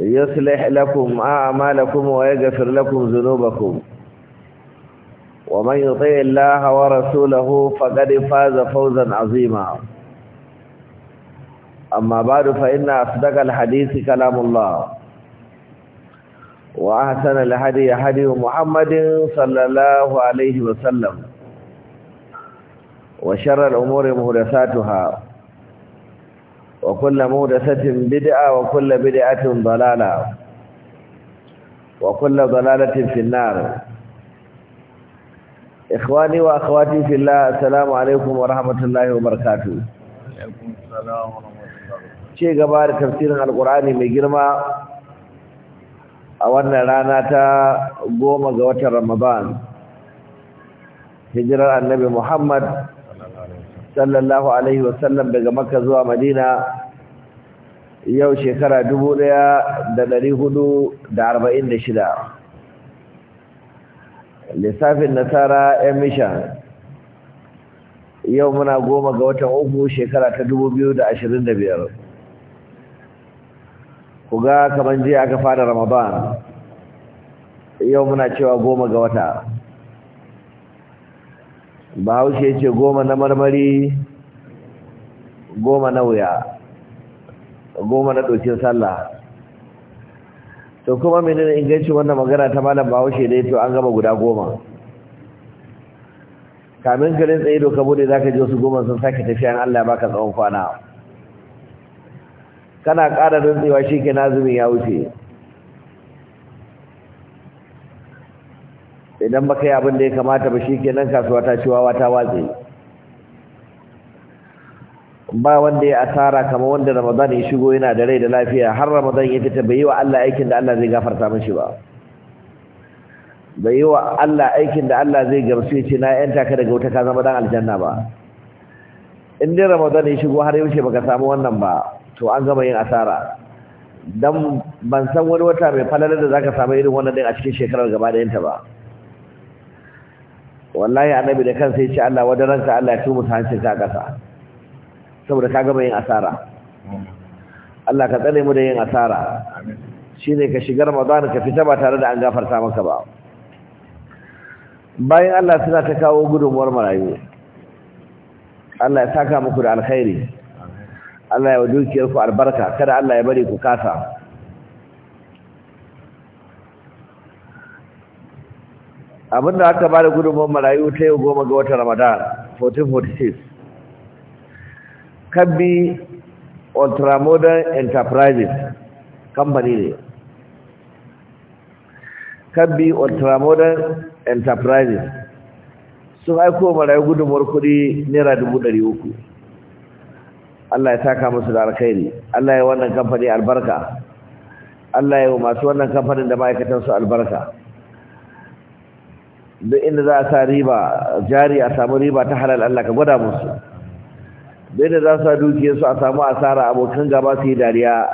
يصلح لكم أعمالكم ويغفر لكم ذنوبكم ومن يطيع الله ورسوله فقد فاز فوزا عظيما أما بعد فإن أصدق الحديث كلام الله وأحسن الهدي حديث محمد صلى الله عليه وسلم وشر الأمور مهدساتها وكل مهدسة بدعة وكل بدعة ضلالة وكل ضلالة في النار إخواني وأخواتي في الله السلام عليكم ورحمة الله وبركاته عليكم السلام ورحمة الله شيء قبار تفسير القرآن مجرمة a wannan rana ta goma ga watan Ramadan hijirar sallallahu alaihi wasallam daga makka zuwa madina yau shekara 1446 lissafin nasara yan mishan yau muna goma ga watan uku shekara ta 2025 ku ga kamar jiya aka fara ramadan yau muna cewa goma ga wata bahaushe ce goma na marmari goma na wuya goma na ɗokin sallah to kuma menene inganci wannan magana ta malam bahaushe dai to an gama guda goma kamin garin tsaye doka bude za ka ji wasu goma sun sake tafiya an allah ya baka tsawon kwana kana ƙara rintsewa shi ke nazumin ya wuce idan baka yi abin da ya kamata ba shi kenan kasuwa ta ciwawa ta watse ba wanda ya asara kamar wanda ramadan ya shigo yana da rai da lafiya har ramadan ya fita bai yi wa Allah aikin da Allah zai gafarta mishi ba bai yi wa Allah aikin da Allah zai gamsu shi ce na yanta ka daga wuta ka zama dan aljanna ba in dai ramadan ya shigo har yaushe baka samu wannan ba to an gama yin asara dan ban san wani wata mai falalar da zaka samu irin wannan din a cikin shekarar gaba da yanta ba wallahi annabi da kansa ya ce Allah wadaranka Allah ya ta hancin ka kasa saboda ka gama yin asara Allah ka tsare mu da yin asara shine ka shigar Ramadan ka fita ba tare da an gafarta maka ba bayan Allah suna ta kawo gudunmuwar marayu Allah ya saka muku da alkhairi Allah ya wa dukiyarku albarka kada Allah ya bari ku kasa abinda aka bada gudunmuwar marayu ta yau goma ga watan ramadan 1446 kabbi ultramodern enterprises kamfani ne kabbi ultramodern enterprises sun aiko marayu gudunmuwar kudi naira uku. Allah ya taka musu da alkhairi Allah ya wannan kamfani albarka Allah ya yi masu wannan kamfanin da ma'aikatansu albarka duk inda za a sa riba jari a samu riba ta halal Allah ka gwada musu duk inda za su sa dukiyarsu a samu asara abokan gaba su yi dariya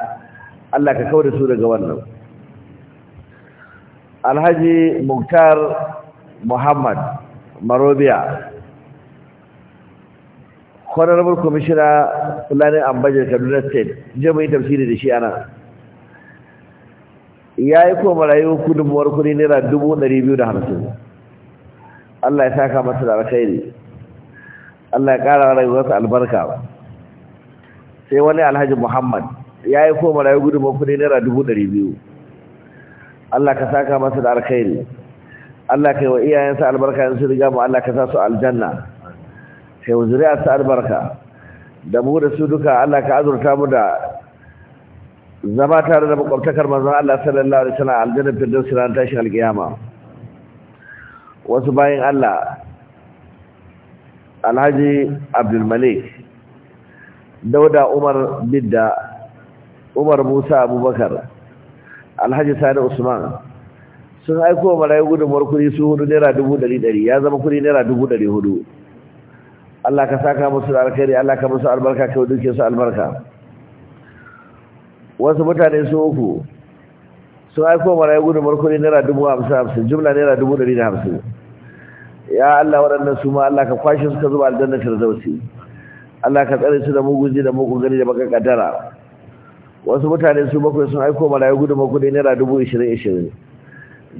Allah ka kawo da su daga wannan alhaji muktar muhammad marobiya honorable commissioner planning and budget kaduna state je mai tafsiri da shi ana ya yi ko marayu gudunmuwar kudi naira dubu ɗari biyu da Allah ya saka masa da alkhairi Allah ya ƙara rayuwarsa albarka sai wani alhaji Muhammad ya yi koma rayu gudunmar kudi naira dubu ɗari biyu Allah ka saka masa da alkhairi Allah ka yi wa iyayensa albarka yanzu riga mu Allah ka sa su aljanna kai wa zuriyarsa albarka da mu da su duka Allah ka azurta mu da zama tare da makwabtakar manzon Allah sallallahu alaihi wasallam aljanna firdausi ran tashin alkiyama wasu bayan Allah alhaji abdulmalik dauda umar bidda umar musa abubakar alhaji sani usman sun aiko marayu gudunmuwar kudi su hudu naira dubu dari dari ya zama kudi naira dubu dari hudu Allah ka saka musu da alkhairi Allah ka musu albarka kai duke su albarka wasu mutane su uku sun aiko marayu gudumar kudi naira dubu hamsin hamsin jumla naira dubu ɗari da hamsin ya Allah waɗannan su ma Allah ka kwashe suka zuba aljanna firdausi Allah ka tsare su da mugunji da mugun gani da baka kaddara wasu mutane su bakwai sun aiko marayu gudumar kudi naira dubu ishirin ishirin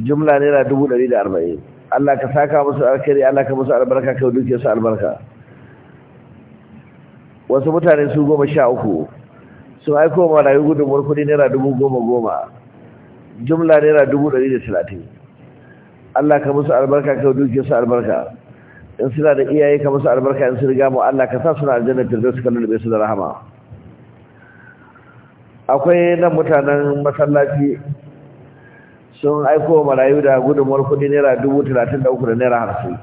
jumla naira dubu ɗari da arba'in Allah ka saka musu alkhairi Allah ka musu albarka ka duke su albarka wasu mutane su goma sha uku sun aiko marayu gudumar kudi naira dubu goma goma jumla naira dubu ɗari da talatin Allah ka musu albarka ka dukiya su albarka in suna da iyaye ka musu albarka in sun riga Allah ka sa suna aljanna firdaus suka lulube su da rahama akwai nan mutanen masallaci sun aiko marayu da gudunmuwar kudi naira dubu talatin da uku da naira hamsin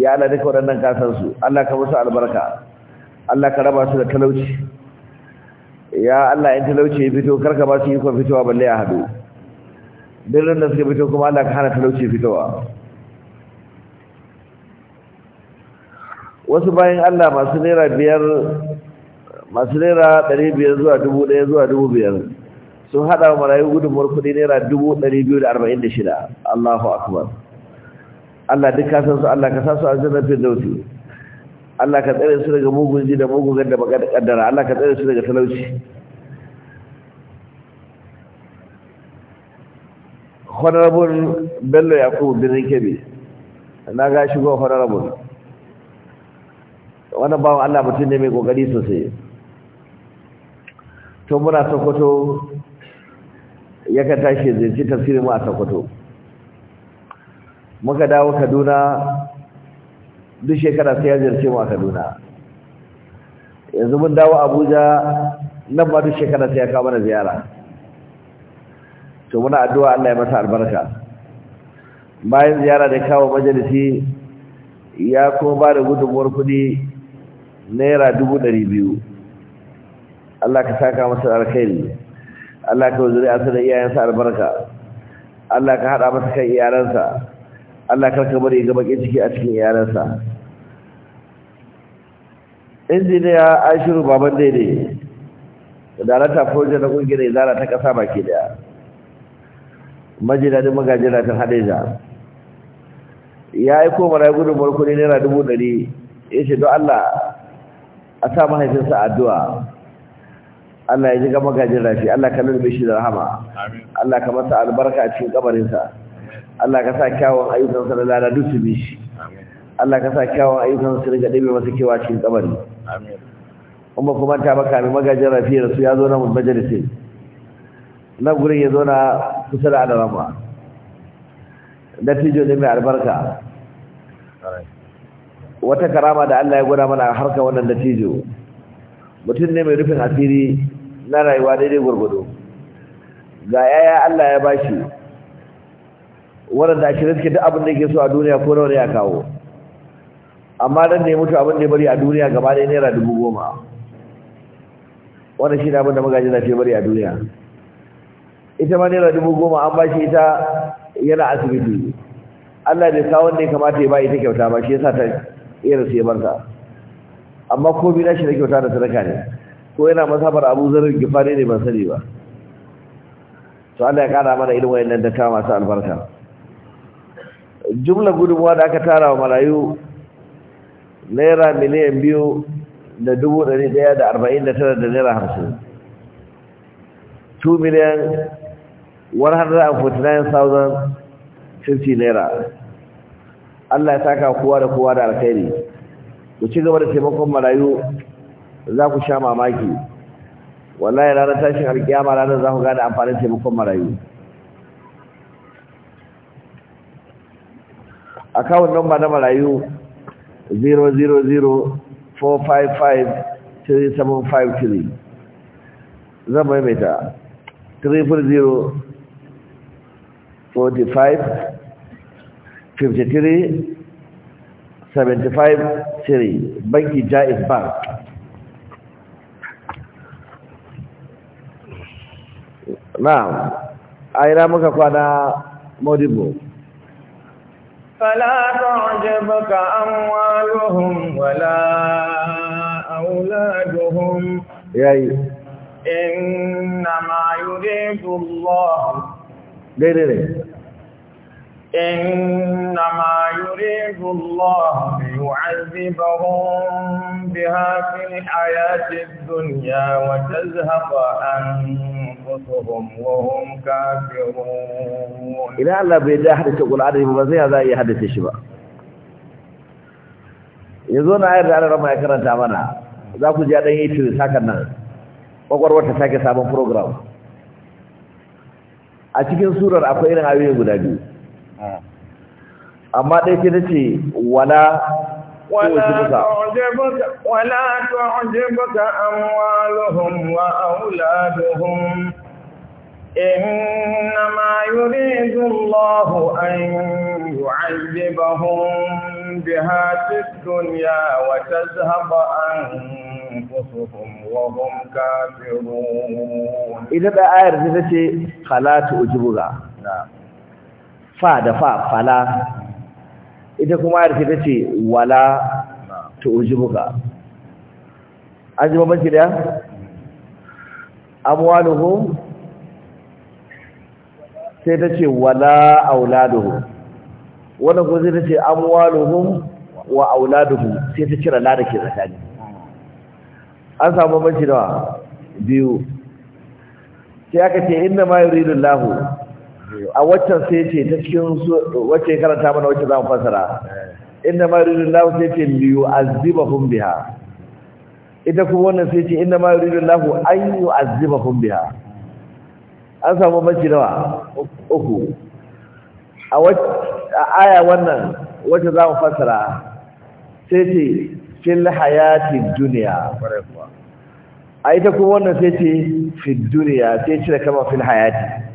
ya ala duka waɗannan kasansu Allah ka musu albarka Allah ka raba su da talauci ya Allah in talauci ya fito karka ba su yi kwan fitowa balle a haɗu dalilin da suka fito kuma Allah ka hana talauci fitowa wasu bayan Allah masu naira biyar masu naira ɗari biyar zuwa dubu ɗaya zuwa dubu biyar sun haɗa wa marayu gudunmuwar kuɗi naira dubu ɗari biyu da arba'in da shida Allahu akbar Allah duk ka san su Allah ka sa su a zanen firdausi Allah ka tsare su daga mugun ji da mugun ganda baka da kaddara Allah ka tsare su daga talauci honorable bello ya yakubu birnin kebe na ga shigo honorable wannan bawan allah mutum ne mai kokari sosai to muna sokoto ka tashi zai ci tafsirin mu a sokoto muka dawo kaduna duk shekara sai ya ziyarce mu a kaduna yanzu mun dawo abuja nan ba duk shekara sai ya kawo mana ziyara to muna addu'a Allah ya masa albarka bayan ziyara da kawo majalisi ya kuma ba da gudunmuwar kudi naira dubu ɗari biyu Allah ka saka masa alkhairi Allah ka wuzuri a sanar iyayensa albarka Allah ka haɗa masa kan iyalansa Allah ka kamar ya gaba ciki a cikin iyalansa injiniya ashiru baban daidai da dalata project na ƙungiyar izara ta ƙasa baki daya majidadin magajiratan hadeja ya yi koma ya gudun barkuni naira dubu ɗari ya ce don allah a sa mahaifinsa addu'a allah ya ji ga shi. allah ka nuna shi da rahama allah ka masa albarka a cikin kabarinsa allah ka sa kyawun sa da lada duk su bi shi allah ka sa kyawun ayyukansa su riga mai masa kewa cikin kabari kuma kuma ta baka mai magajirafi da su ya zo na majalisin na gurin ya zauna kusa da alarama dattijo ne mai albarka wata karama da Allah ya gwada mana a harkar wannan tijo mutum ne mai rufin asiri na rayuwa daidai gwargwado ga yaya Allah ya bashi Wadanda shi ke duk abin da yake so a duniya ko nawa ne ya kawo amma dan ne mutu abin da ya bari a duniya gaba ne naira dubu goma wannan shi ne abin da magajin na ke bari a duniya ita ma naira dubu goma an bashi ita yana asibiti Allah da kawo wanda ya kamata ya ba ita kyauta ba shi yasa ta iya sai ya barta amma ko bi shi na kyauta da sadaka ne ko yana masabar Abu Zarar Gifari ne ban sani ba to Allah ya kara mana irin wayannan da ta masu albarka jumla gudunmuwa da aka tara wa marayu naira miliyan biyu da dubu ɗari ɗaya da arba'in da tara da naira hamsin 2 miliyan 149,050 naira Allah ya saka kowa da kowa da alkhairi ku ci gaba da taimakon marayu za ku sha mamaki wallahi ranar tashin alkiyama ranar za ku gane amfanin taimakon marayu akawun nomba na marayu 000455 000455373 zan maimaita 300 45 banki jaiz bank na'am aira muka kwana modibo فلا amwaluhum wala auladuhum yai inna ma yuridu Allah dai إنما يريد الله ليعذبهم بها في الحياة الدنيا وتذهب أنفسهم وهم كافرون إذا الله بيدا حدث يقول عدد مبزيها هذا يحدث الشباب يزون عير على رمى يكرن تعمنا ذاكو جادة يتري ساكنا وقت ساكي سابن program a cikin surar akwai irin ayoyi guda biyu amma dai ke dace wala wala tu'jibuka amwaluhum wa auladuhum innama yuridu Allahu an yu'azzibahum biha tid-dunya wa tazhaba anfusuhum wa hum kafirun idan ayar ce nace khalatu ujibuka na'am fa da fa fala ita kuma ayar ta ce wala tu'jibuka an ji mamaki da amwaluhum sai ta ce wala auladuhum wannan kuma sai ta ce amwaluhum wa auladuhum sai ta cire la da ke tsakani an samu mamaki da biyu sai aka ce inda ma yuridu Allahu a waccan sai ce ta cikin wacce karanta mana wacce za mu fasara inda ma yuridu lahu sai ce liyu azibahum biha ita kuma wannan sai ce inda ma yuridu lahu an yu'azzibahum biha an samu mace nawa uku a aya wannan wacce za mu fasara sai ce fil hayati duniya a ita kuma wannan sai ce fi duniya sai ce da kama fil hayati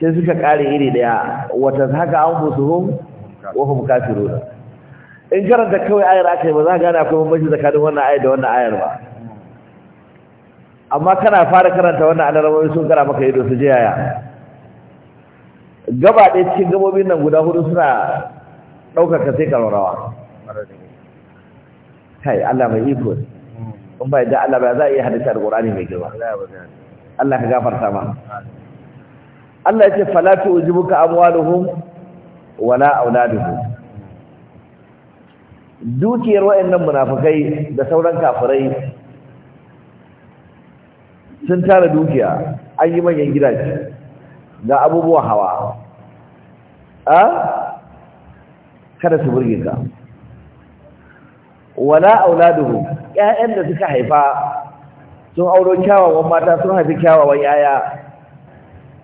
sai suka kare iri daya wata haka an fusuhum wa hum kafirun in karanta kawai ayar akai ba za ka gane akwai bambanci tsakanin wannan ayar da wannan ayar ba amma kana fara karanta wannan alarmomi sun kara maka ido su je yaya gaba ɗaya cikin gabobin nan guda hudu suna ɗaukaka sai karwarrawa kai Allah mai iko in bai da Allah ba za a iya hadisa da Qur'ani mai girma Allah ka gafarta ma Allah ya ce falatu ujibuka amwaluhum wala auladuhum dukiyar wayannan munafikai da sauran kafirai sun tara dukiya an yi manyan gidaje ga abubuwan hawa a kada su burge ka wala auladuhu ƴaƴan da suka haifa sun auro kyawawan mata sun haifi kyawawan yaya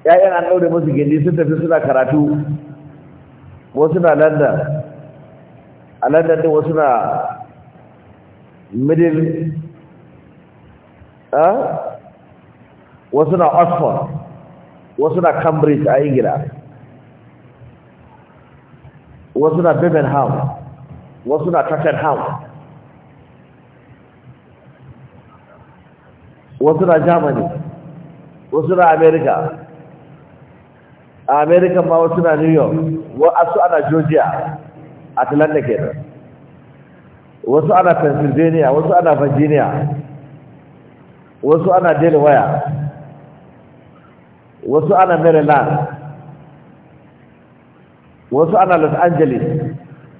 ƴaƴan an ɗaure musu gindi sun tafi suna karatu wasu na london a london din wasu na middle wasu na oxford wasu na cambridge a ingila wasu na birmingham wasu na tottenham wasu na germany wasu na america a america ma wasu na new york wasu ana georgia atlanta kenan wasu ana pennsylvania wasu ana virginia wasu ana delaware wasu ana maryland wasu ana los angeles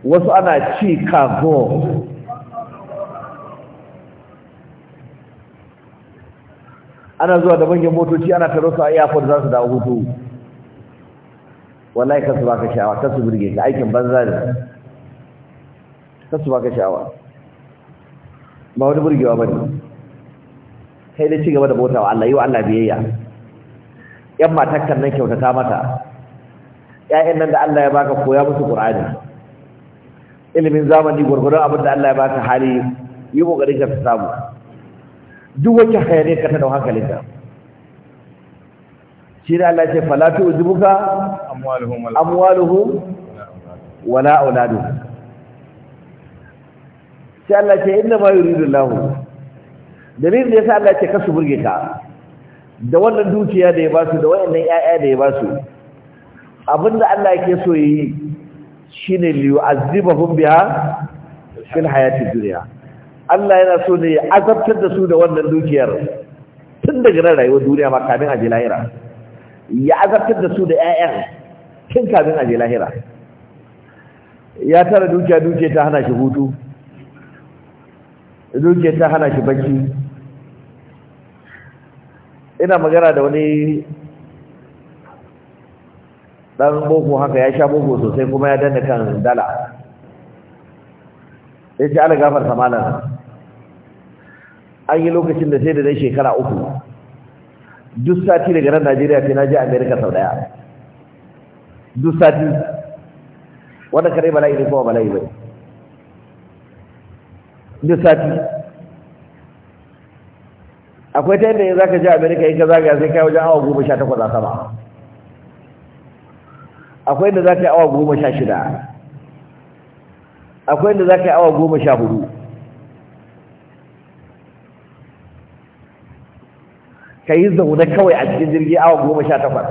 wasu ana chicago ana zuwa da bangin motoci ana taro su a airport za su da hutu wallahi kasu baka sha'awa kasu burge ka aikin banza ne kasu baka sha'awa ba wani burgewa ba ne kai dai ci gaba da bota wa Allah yi wa Allah biyayya yan matakkan nan kyautata mata ƴaƴan nan da Allah ya baka koya musu Qur'ani ilimin zamani gurgurun abin da Allah ya baka hali yi kokari ka samu duk wacce hayane ka ta dau hankalinka shi Allah ce falatu uzubuka amwaluhum wala auladu sai Allah ce inna ma yuridu Allah dalilin da yasa Allah ce kasu burge ka da wannan dukiya da ya ba su da wayannan yaya da ya ba su abinda Allah yake so yi shine liyu'azzibahum biha fil hayati dunya Allah yana so ne ya azabtar da su da wannan dukiyar tun daga rayuwar duniya ma kamin a ji lahira ya azabtar da su da 'ya'yan tun kafin a je lahira ya tara dukiya dukiya ta hana shi hutu dukiya ta hana shi bacci ina magana da wani dan boko haka ya sha boko sosai kuma ya danna kan dala ya ce ala an yi lokacin da sai da dai shekara uku duk sati daga nan Najeriya sai na je Amerika sau daya duk sati wannan kare bala'i ne kuma bala'i bai duk sati akwai ta yadda yanzu zaka je Amerika in ka zagaya sai kai wajen awa goma sha takwas a sama akwai inda za ka yi awa goma sha shida akwai inda za ka yi awa goma sha hudu ka yi zaune kawai a cikin jirgi awa goma sha takwas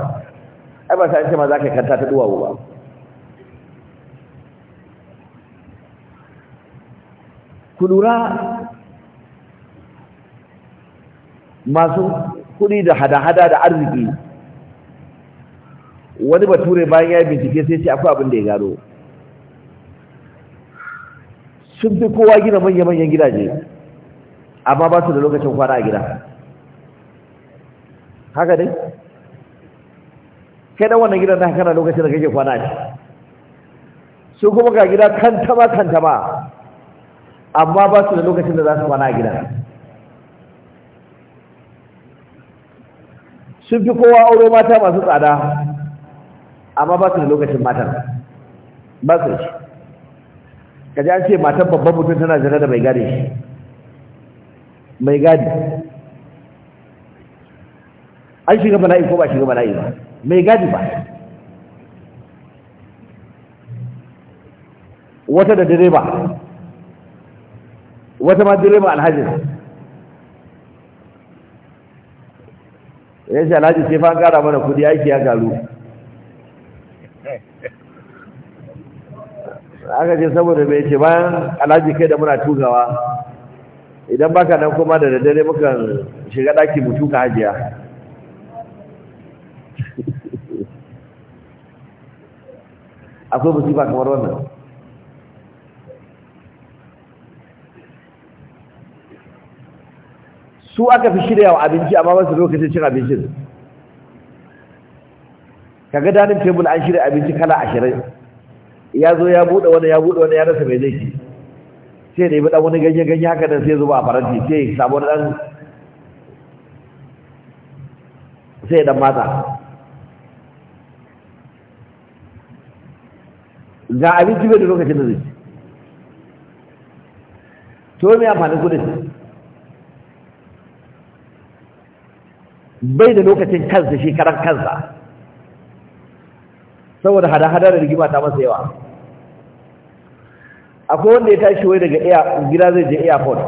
ai ba sa ce ma za ka kanta ta duwawu ba ku lura masu kuɗi da hada-hada da arziki wani bature bayan ya yi bincike sai ce akwai abin da ya gano sun fi kowa gina manya-manyan gidaje amma ba su da lokacin kwana a gida haka dai kai dan wannan gidan da kana lokacin da kake kwana ne su kuma ga gida kantama kantama amma ba su da lokacin da za su kwana a gidan sun fi kowa auro mata masu tsada amma ba su da lokacin matan ba su shi kaji an ce matan babban mutum tana jira da mai gadi shi mai gadi an shiga bala'i ko ba shiga bala'i ba mai gadi ba wata da direba wata ma direba alhaji ya ce alhaji sai fa gara mana kudi aiki ya garu aka ce saboda mai ce bayan alhaji kai da muna tugawa idan baka nan kuma da dare mukan shiga ɗaki mu tuka hajiya akwai musiba kamar wannan su aka fi shirya wa abinci amma su lokacin cin abincin kaga danin tebul an shirya abinci kala ashirin ya zo ya buɗe wani ya buɗe wani ya rasa mai zai sai da yi ɗan wani ganye-ganye haka nan sai zuba a faranti sai samu ɗan sai ɗan mata ga abinci bai da lokacin da zai ci to ku amfanin kudin bai da lokacin kansa shi karan kansa saboda hada-hada da rigima ta masa yawa akwai wanda ya tashi wai daga gida zai je airport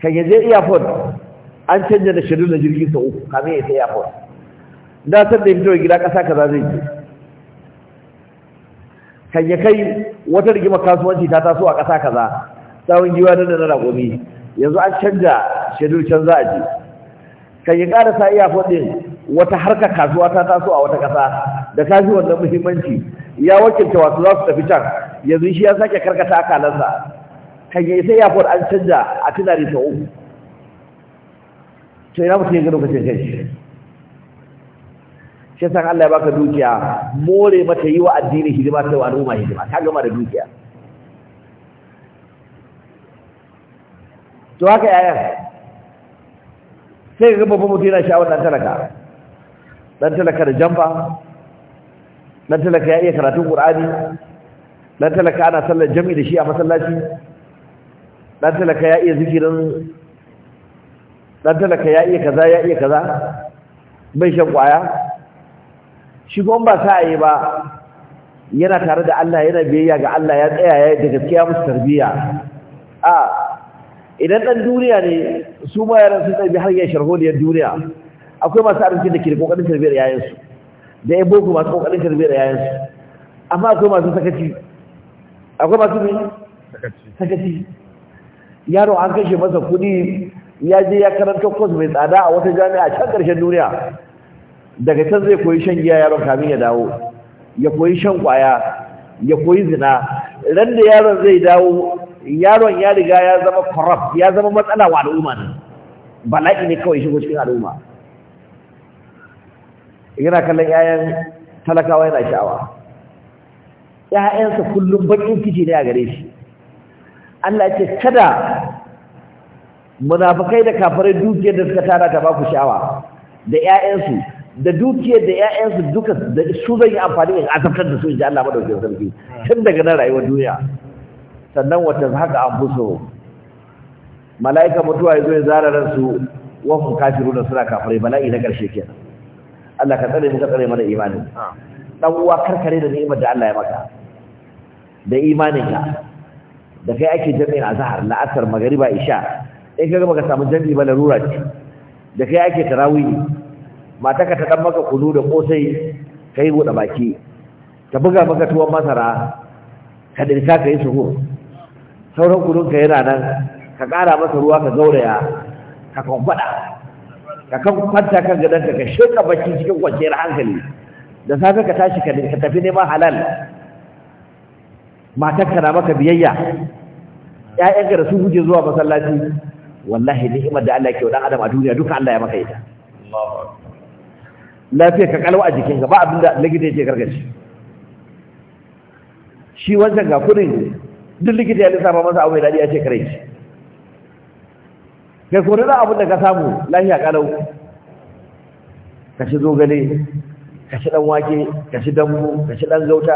kan ya je airport an canja da shirin da jirgin sa uku kamin ya ta airport da san da ya fito gida kasa kaza zai je kan ya kai wata rigima kasuwanci ta taso a ƙasa kaza tsawon giwa da na raƙumi yanzu an canja shedul can za a kan ya ƙara sa iya faɗin wata harka kasuwa ta taso a wata ƙasa da ta fi wannan muhimmanci ya wakilta wasu za su tafi can yanzu shi ya sake karkata akalansa kan ya isa iya faɗin an canja a tunani ta uku to ina mutum ya gano kacin kai shi san Allah ya baka dukiya more mata yi wa addini hidima ta wa al'umma hidima ta gama da dukiya to haka yayan sai ga babban mutum yana sha'awar dan talaka dan talaka da jamfa dan talaka ya iya karatun qur'ani dan talaka ana sallar jami'i da shi a masallaci dan talaka ya iya zikirin dan talaka ya iya kaza ya iya kaza bai shan kwaya shi gon ba ta yi ba yana tare da Allah yana biyayya ga Allah ya tsaya ya da gaskiya musu tarbiya a idan dan duniya ne su ma yaran sun tsabi har ya sharho da duniya akwai masu arziki da ke kokarin tarbiyar yayin su da ya boko masu kokarin tarbiyar yayin su amma akwai masu sakaci akwai masu ne sakaci yaro an kashe masa kudi ya je ya karanta kwas mai tsada a wata jami'a can karshen duniya daga can zai koyi shan giya yaron kamin ya dawo ya koyi shan kwaya ya koyi zina ran da yaron zai dawo yaron ya riga ya zama corrupt ya zama matsala wa al'umma ne bala'i ne kawai shigo cikin al'umma yana kallon yayan talakawa yana sha'awa ‘ya'yansa kullum baƙin ciki ne a gare shi Allah ce kada munafukai da kafirai dukiyar da suka tara ta baku sha'awa da ‘ya'yansu da dukiyar da ƴaƴansu duka da su zan yi amfani in azabtar da su in ji Allah madaukakin sarki tun daga nan rayuwar duniya sannan wata haka an fuso mala'ika mutuwa ya zo ya zara su wa hum kafiruna suna kafirai bala'i na karshe kenan Allah ka tsare mu ka tsare mana imanin dan uwa karkare da ni'imar da Allah ya maka da imanin ka da kai ake jami'in azhar la'asar magriba isha in kaga baka samu jami'i ba larura ce da kai ake tarawih mataka ta dan maka kunu da kosai kai buɗe baki ta buga maka tuwon masara ka dirka ka yi suhur sauran kunun ka yana nan ka ƙara masa ruwa ka gauraya ka kwamfada ka kan kwanta kan gadonka ka shirka baki cikin kwanciyar hankali da safe ka tashi ka tafi neman halal ka na maka biyayya ka da su huje zuwa masallaci wallahi ni'imar da Allah ke wa dan adam a duniya duka Allah ya maka ita Allahu akbar lafiya ka kalwa a jikinka ba abinda likita yake gargashi shi wancan ga kudin duk likita ya lissafa masa abu mai daɗi ya ce kare shi kai ko da abin da ka samu lafiya kalau ka ci zogale ka ci dan wake ka ci dambu ka ci dan gauta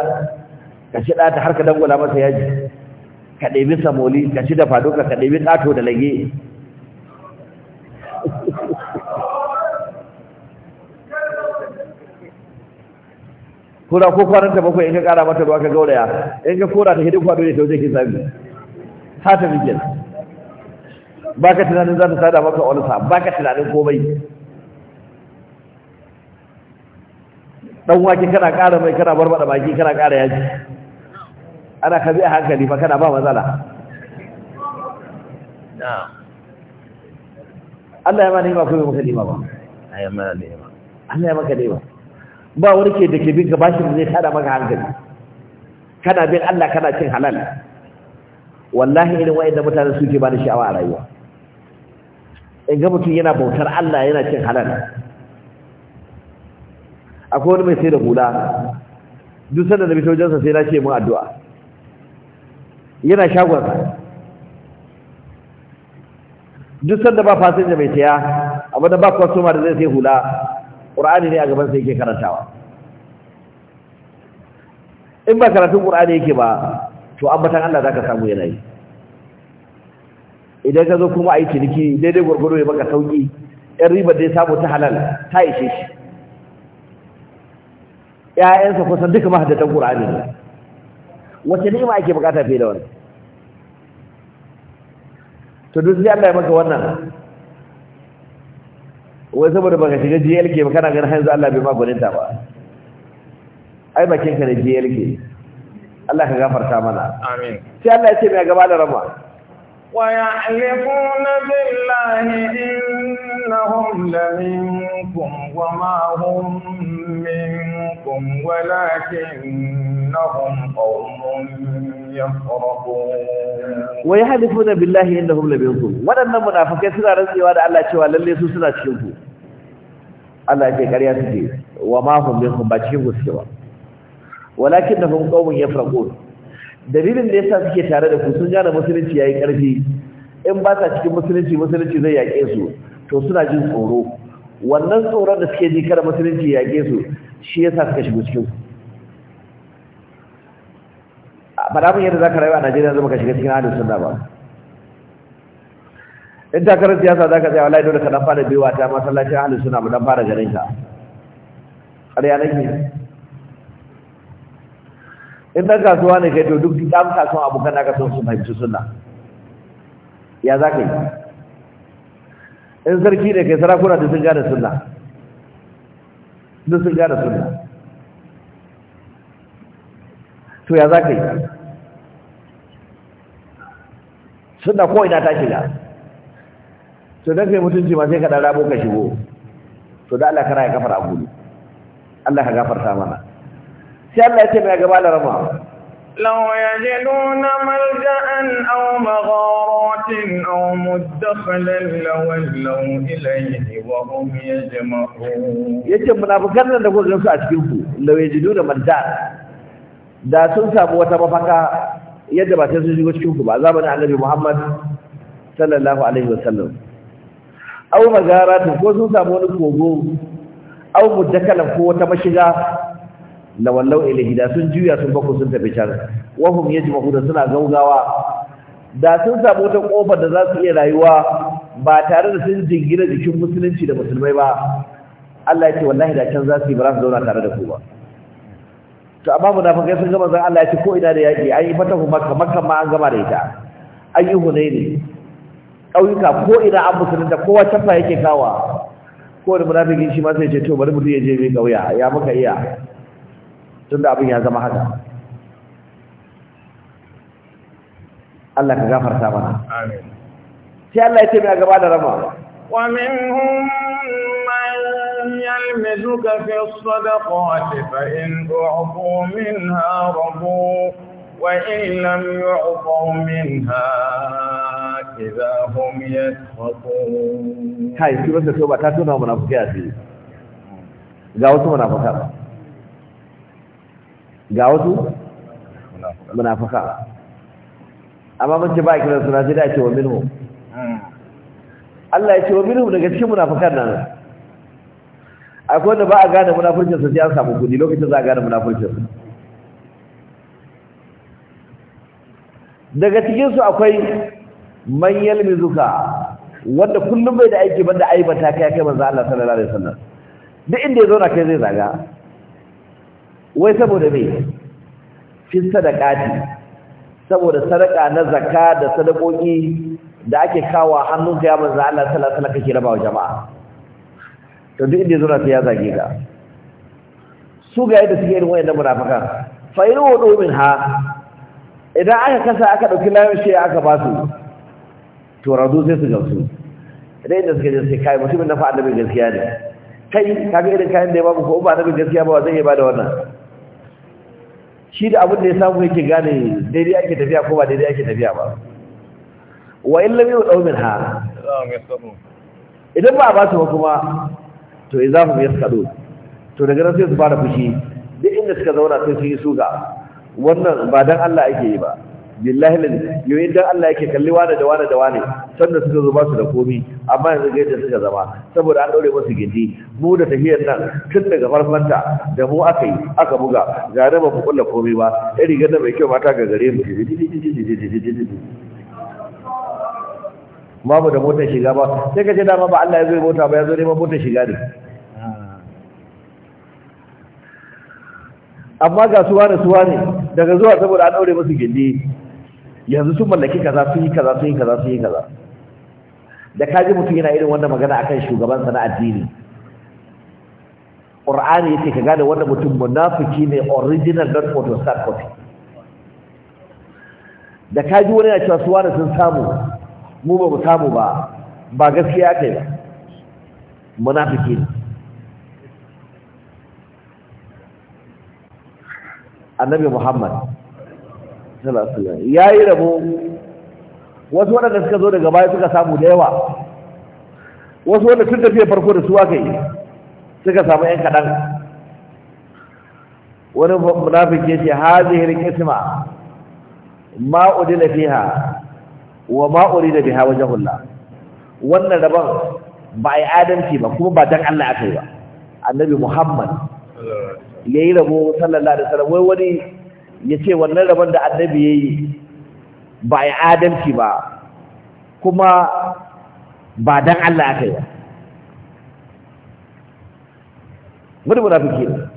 ka ci ɗata har ka dangwala masa yaji ka ɗebi samoli ka ci da faduka ka ɗebi ɗato da lage kura ko kwanan ta bakwai in ka kara mata ruwa ka gauraya in ka kora ta hidin kwado ne ta waje ke sami ta ta bikin ba ka tunanin za ta sada maka sa ba ka tunanin komai dan wake kana kara mai kana barbada baki kana kara yaji ana bi a hankali fa kana ba matsala Allah ya ma ni'ima ko bai maka ni'ima ba ayyama ni'ima Allah ya maka ni'ima ba wani ke da ke bin gabashin zai tada maka hankali kana bin Allah kana cin halal wallahi irin wa'inda mutane suke ba da sha'awa a rayuwa in ga mutum yana bautar Allah yana cin halal akwai wani mai sai da hula duk sanda da bito wajensa sai na ce mun addu'a yana shagon duk sanda ba fasinja mai taya amma da ba kwastoma da zai sai hula ƙur'ani ne a gaban sai yake karantawa in ba karatun ƙur'ani yake ba to ambatan Allah zaka samu yanayi. idan ka zo kuma a yi ciniki daidai gwargwaro ya baka sauki yan ribar da ya samu ta halal ta ishe shi ƴaƴansa kusan duka mahaddatan ƙura'ani ne wace ni'ima ake bukata fiye da wannan to duk sai Allah ya maka wannan wai saboda baka shiga JLK ba kana ganin hanzu Allah bai ba gwaninta ba ai bakin ka ne JLK Allah ka gafarta mana amin sai Allah ya ce mai gaba da rama innahum بالله إنهم wa ma hum منكم منكم ولكنهم قوم يفرقون ويحلفون بالله إنهم لم ينصروا waɗannan munafikai suna rantsewa da Allah cewa lalle su suna cikin ku Allah ya ƙarya suke wa ma hum minhum ba cikin ku suke ba walakinnahum qaumun yafraqun dalilin da yasa suke tare da ku sun gane yayi ƙarfi in ba sa cikin musulunci musulunci zai yake su to suna jin tsoro wannan tsoron da suke ji kar musulunci yake su shi yasa suka shigo cikin faɗa mun yadda za ka rayu a najeriya zama ka shiga cikin ahalin sunna ba in takarar siyasa za ka tsaya wallahi dole ka dan fara biyuwa ta masallacin ahalin suna mu dan fara ganin ta. ƙarya nake in ɗan kasuwa ne kai to duk ɗan kasuwan abokan da aka son su fahimci suna. ya za ka yi in sarki ne kai sarakuna da sun gane suna. duk sun gyara suna to ya za ka yi sunna ko ina ta shiga to don kai mutunci ma sai ka dan rabo ka shigo to da Allah kana ya a abu Allah ka gafarta mana sai Allah ya ce mai gaba da rama لو يجدون ملجأ أو مغارات أو مدخلا لولوا إليه وهم يجمعون yace munafikan nan da kuka gansu a cikin ku law yajiduna manja da sun samu wata mafaka yadda ba sai sun shigo cikin ku ba zamanin Annabi Muhammad sallallahu alaihi wasallam aw magaratu ko sun samu wani kogo aw mudakalan ko wata mashiga lawallau ilahi da sun juya sun bako sun tafi can wahum yajma'u da suna gaugawa da sun samu wata ƙofar da za su iya rayuwa ba tare da sun jingina jikin musulunci da musulmai ba Allah ya ce wallahi da can za su yi ba za su zauna tare da ku ba to amma munafikai sun gama zan Allah ya ce ko ina da yaki an yi hu makka makka ma an gama da ita an hunaini ƙauyuka ko ina an musulunta kowa tafa yake kawa kowane munafiki shi ma sai ce to bari mutum ya je mai ƙauya ya muka iya tunda abin ya zama haka Allah ka gafarta mana amin sai Allah ya ce mai gaba da rama wa minhum man yalmizuka fi sadaqati fa in u'fu minha rabu wa in lam yu'fu minha idza hum yasfakun kai shi ba ta toba ta tona munafiki a ga wasu mana fuka ga wasu munafuka amma mun ce ba kiran suna sai da ce wa minhu Allah ya ce wa minhu daga cikin munafukan nan akwai wanda ba a gane munafurcin sa sai an samu kudi lokacin za a gane munafurcin sa daga cikin su akwai man yalmizuka wanda kullum bai da aiki banda aibata kai kai manzo Allah sallallahu alaihi wasallam duk inda ya zauna kai zai zaga wai saboda me fi sadaqati saboda sadaka na zakka da sadakoki da ake kawo hannun ga manzo Allah sallallahu alaihi wasallam kake rabawa jama'a to duk inda zuwa ta ya zage ka su ga yadda suke irin wayannan munafikan fa in wudu ha. idan aka kasa aka dauki lafiya shi aka ba su to radu sai su gamsu idan da suka sai kai mutumin da fa annabi gaskiya ne kai kaga irin kayan da ya babu ko ba annabi gaskiya ba zai iya bada wannan shi da abin da ya samu yake gane daidai ake tafiya ko ba daidai ake tafiya ba wa in lam yu'dau ha? idan ba a ba su ba kuma to mu yi skado to daga nan sai su fara fushi duk inda suka zauna sai su yi suga wannan ba dan Allah ake yi ba billahi lin yoyin dan Allah yake kalli wane da wane da wane sannan suka zo ba su da komi amma yanzu ga yadda suka zama saboda an daure musu gindi mu da tafiyar nan tun daga farfanta da mu aka yi aka buga gare ba mu kulla komi ba ɗan rigar da mai kyau mata ga gare mu babu da motar shiga ba sai ka ce dama ba Allah ya zo mota ba ya zo neman motar shiga ne amma ga suwa da suwa ne daga zuwa saboda an daure musu gindi yanzu sun mallaki kaza sun yi kaza sun yi kaza sun yi kaza da kaji mutum yana irin wanda magana akan shugaban sa na addini Qur'ani yake ka gane wanda mutum munafiki ne original dot photo start copy da kaji wani yana cewa su wani sun samu mu ba mu samu ba ba gaskiya kai ba munafiki ne annabi Muhammad ya yi rabo wasu waɗanda suka zo daga baya suka samu da yawa wasu wanda tun tafiya farko da suwa Kai suka samu ‘yan kaɗan wani ya ce hazihir kisma ma'udi na fiha wa ma'udi da biha wajen hula wannan rabon ba a yi adalci ba kuma ba don Allah a kai ba annabi muhammad ya yi rabo sallallahu alaihi wasallam wai wani ya ce wannan rabon da annabi ya yi ba ya adalci ba kuma ba don Allah aka yi ba wani munafiki ne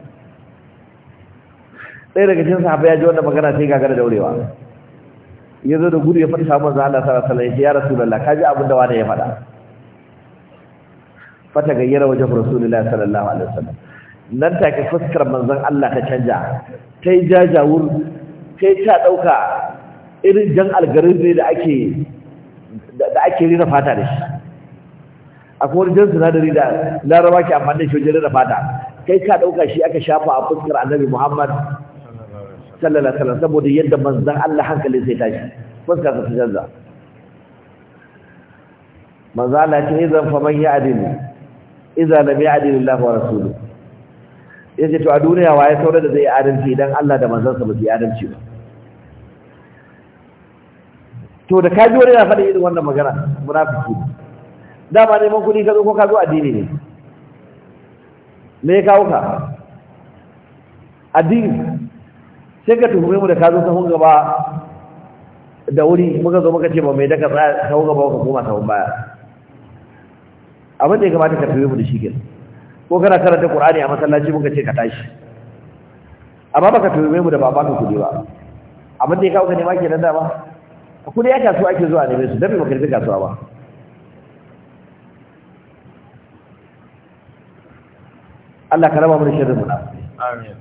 ɗaya daga cikin sahabai ya ji wannan magana sai gagara daurewa ya zo da gudu ya faɗi samun za Allah sallallahu ya wasallam ya rasulullah ka ji abin da wane ya faɗa fata gayyara wajen rasu lalla alaihi wasallam nan take fuskar manzon Allah ta canja ta yi jajawur ta yi ta ɗauka irin jan algarin ne da ake da ake rina fata da shi akwai wani jan sinadari da laraba ke amfani da shi wajen rina fata kai ka ɗauka shi aka shafa a fuskar annabi muhammad sallallahu alaihi wasallam saboda yadda manzon Allah hankali sai tashi fuskar ta canza manzala ta ya ce idan fa man ya adini lam ya'dilu Allah wa rasuluhu ya ce to a duniya waye saura da zai adalci idan Allah da manzansa ba su yi adalci ba to da ka ji wani na faɗin irin wannan magana munafiki dama neman kuɗi ka zo ko ka zo addini ne me ya kawo ka addini sai ka tuhume mu da ka zo sahun gaba da wuri muka zo muka ce ba mai daga sahun gaba ka koma sahun baya abin da ya kamata ka tuhume mu da shi kenan ko kana karanta Qur'ani a masallaci muka ce ka tashi amma baka tuhume mu da ba ka kudi ba abin da ya kawo ka nema nan da ba kudi ya kasuwa ake zuwa ne su dan ba karbi kasuwa ba Allah ka raba mu da mu na. amin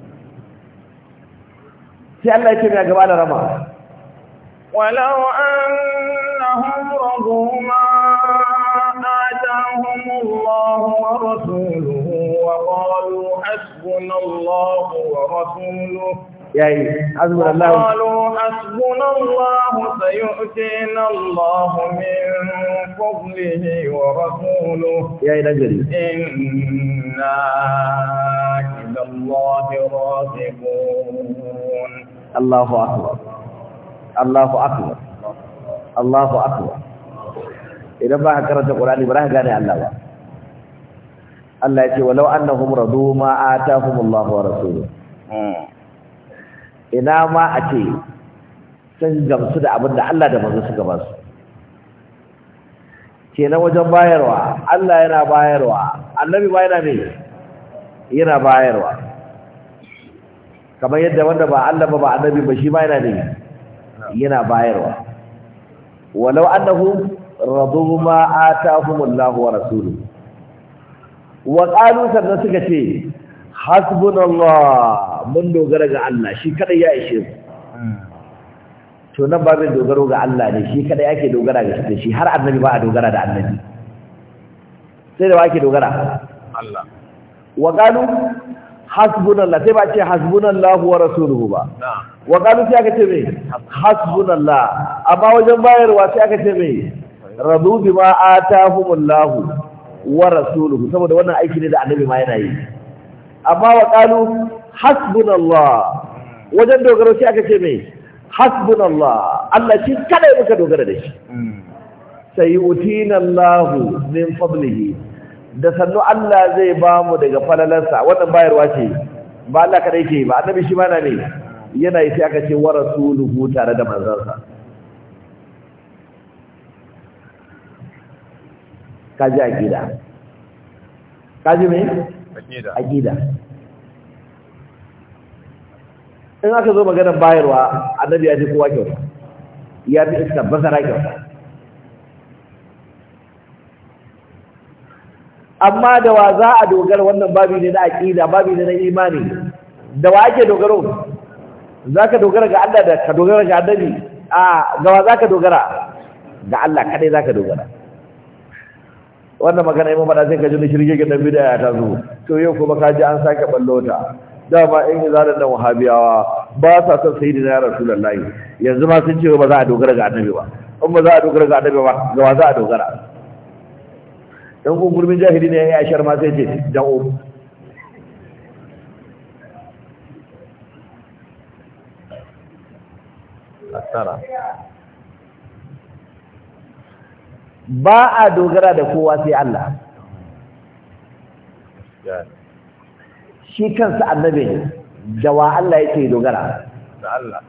sai Allah ya ce mai gaba da rama walau annahum radu ma atahum Allah wa rasuluhu حسبنا الله ورسوله يعني حسبنا الله قالوا حسبنا الله سيؤتينا الله من فضله ورسوله يا رجل إيه إنا إلى الله راغبون الله أكبر الله أكبر الله أكبر إذا ما قرأت القرآن براه قال الله Allah ya ce walau annahum radu ma atahumullahu wa rasuluhu hmm. ina ma a ce sun gamsu da abin da Allah da manzo suka ba su kenan wajen bayarwa Allah yana bayarwa annabi ba yana me yana bayarwa kamar yadda wanda ba Allah ba ba annabi ba shi ba yana ne yana bayarwa walau annahum radu ma atahumullahu wa rasuluhu wa qalu sannan suka ce hasbunallah mun dogara ga Allah shi kada ya ishe mu to nan ba mai dogaro ga Allah ne shi kada yake dogara ga shi har annabi ba a dogara da annabi sai da wake dogara Allah wa qalu hasbunallah sai ba ce hasbunallahu wa rasuluhu ba wa qalu sai aka ce me hasbunallah amma wajen bayarwa sai aka ce me radu bima atahumullahu wa rasuluhu saboda wannan aiki ne da annabi ma yana yi amma wa qalu hasbunallah wajen dogaro shi aka ce me, hasbunallah Allah shi kada muka dogara da shi sai utina Allah min fadlihi da sannu Allah zai ba mu daga falalarsa wannan bayarwa ce ba Allah kada yake ba annabi shi ma na ne yana yi sai aka ce wa rasuluhu tare da manzansa Kaji a gida kaji mai a gida in aka zo maganar bayarwa annabi ya ji kowa kyauta ya fi iska basara kyauta amma da wa za a dogara wannan babi ne na aƙida babi ne na imani da wa ake dogaro za ka dogara ga Allah da ka dogara ga annabi a ga wa za ka dogara ga Allah kadai za ka dogara wannan magana imam da sai ka ji ni shirge ga da ya ta zo to yau kuma ka ji an sake ta dama in zalan da wahabiyawa ba sa son sayyidina rasulullahi yanzu ma sun ce ba za a dogara ga annabi ba in ba za a dogara ga annabi ba ga wa za a dogara dan gurbin jahili ne ya shar ma sai ce dan um asara ba a dogara da kowa sai Allah shi kansa annabi da wa Allah yake dogara da Allah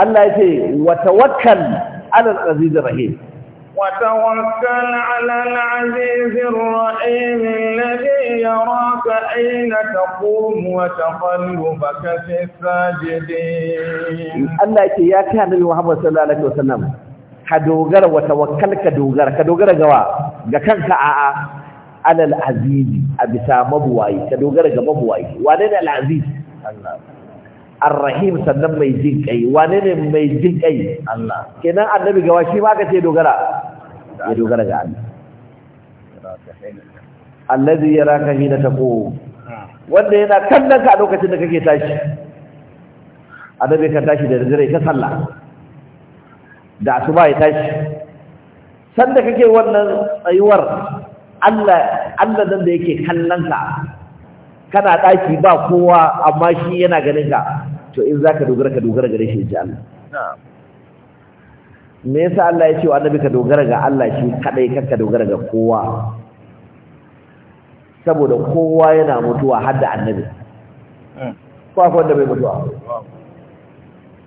Allah yake wa tawakkal ala al-aziz rahim wa tawakkal ala al-aziz rahim alladhi yaraka ayna taqum wa taqallubaka fi sajidin Allah yake ya kai Muhammad sallallahu alaihi wasallam ka dogara wa tawakkal ka dogara ka dogara gawa ga kanka a'a alal azizi a bisa mabuwayi ka dogara ga mabuwayi wane ne al aziz Allah rahim sannan mai jin kai wane ne mai jin kai Allah kenan annabi gawa shi ma ka ce dogara ya dogara ga Allah allazi yaraka hina taqum wanda yana kallon ka a lokacin da kake tashi annabi ka tashi da dare ka sallah da ba ya tashi sanda kake wannan tsayuwar Allah Allah nan da yake kallon ka kana daki ba kowa amma shi yana ganin ka to in zaka dogara ka dogara gare shi ji Allah me yasa Allah ya ce wa annabi ka dogara ga Allah shi kadai kanka dogara ga kowa saboda kowa yana mutuwa har da annabi hmm. ko akwai wanda bai mutuwa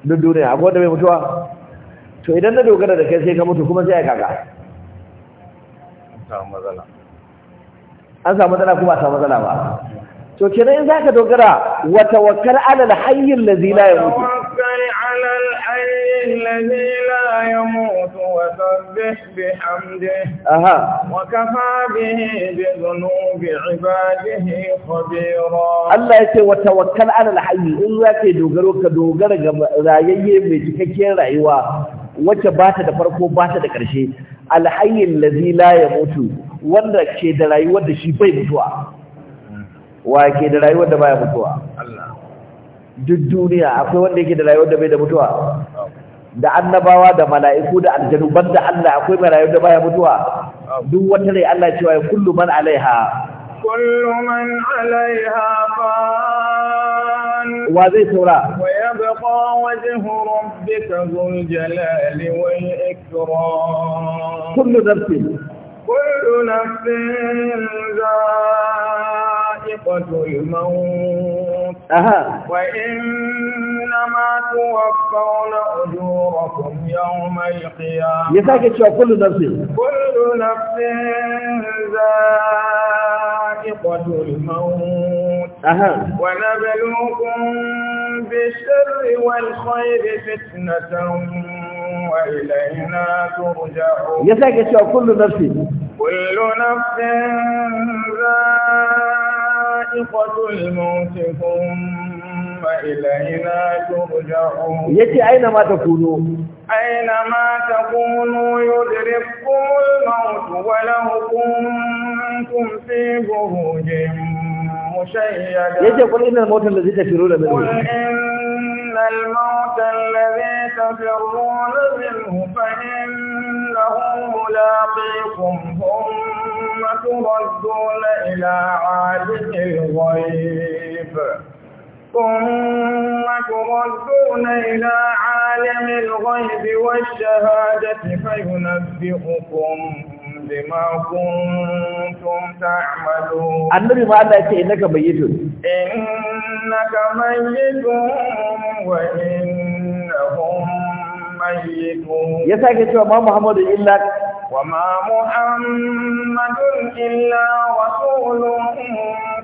duk duniya akwai wanda bai mutuwa to idan na dogara da kai sai ka mutu kuma sai ya kaga an samu matsala kuma samu matsala ba to kenan in zaka dogara wa tawakkal ala al-hayy alladhi la yamut tawakkal ala al-hayy alladhi la wa sabbih bihamdihi aha wa kafa bi Allah ya ce wata ala al-hayy in zaka dogaro ka dogara ga rayayye mai cikakken rayuwa wacce ba ta da farko ba ta da ƙarshe alhayyin Lazila ya mutu wanda ke da rayuwar da shi bai mutuwa wa ke da rayuwar da baya mutuwa duk duniya akwai wanda yake da rayuwar da bai da mutuwa da annabawa da mala'iku da aljanu banda Allah akwai mai rayuwar da baya mutuwa duk wata rai Allah cewa kullu man alaiha kullu man alaiha fa وذي سورة ويبقى وجه ربك ذو الجلال والإكرام كل نفس كل نفس ذائقة الموت أها وإنما توفون أجوركم يوم القيامة يساك كل نفس كل نفس ذائقة الموت أها ونبلوكم بالشر والخير فتنة وإلينا ترجعون يساك يا كل نفس كل نفس ذائقة الموت ثم إلينا ترجعون يتي أينما تكونوا أينما تكونوا يدرككم الموت ولو كنتم في بروج مشيدا يجي قل إن الموت الذي تفرون منه وإن الموت الذي تفرون منه فإنه ملاقيكم ثم تردون إلى عالم الغيب ثم تردون إلى عالم الغيب والشهادة فينبئكم lima kuntum ta'malu annabi ma Allah yake innaka mayyitun innaka mayyitun wa innahum ya sake cewa ma Muhammadu illa wa ma Muhammadun illa rasulun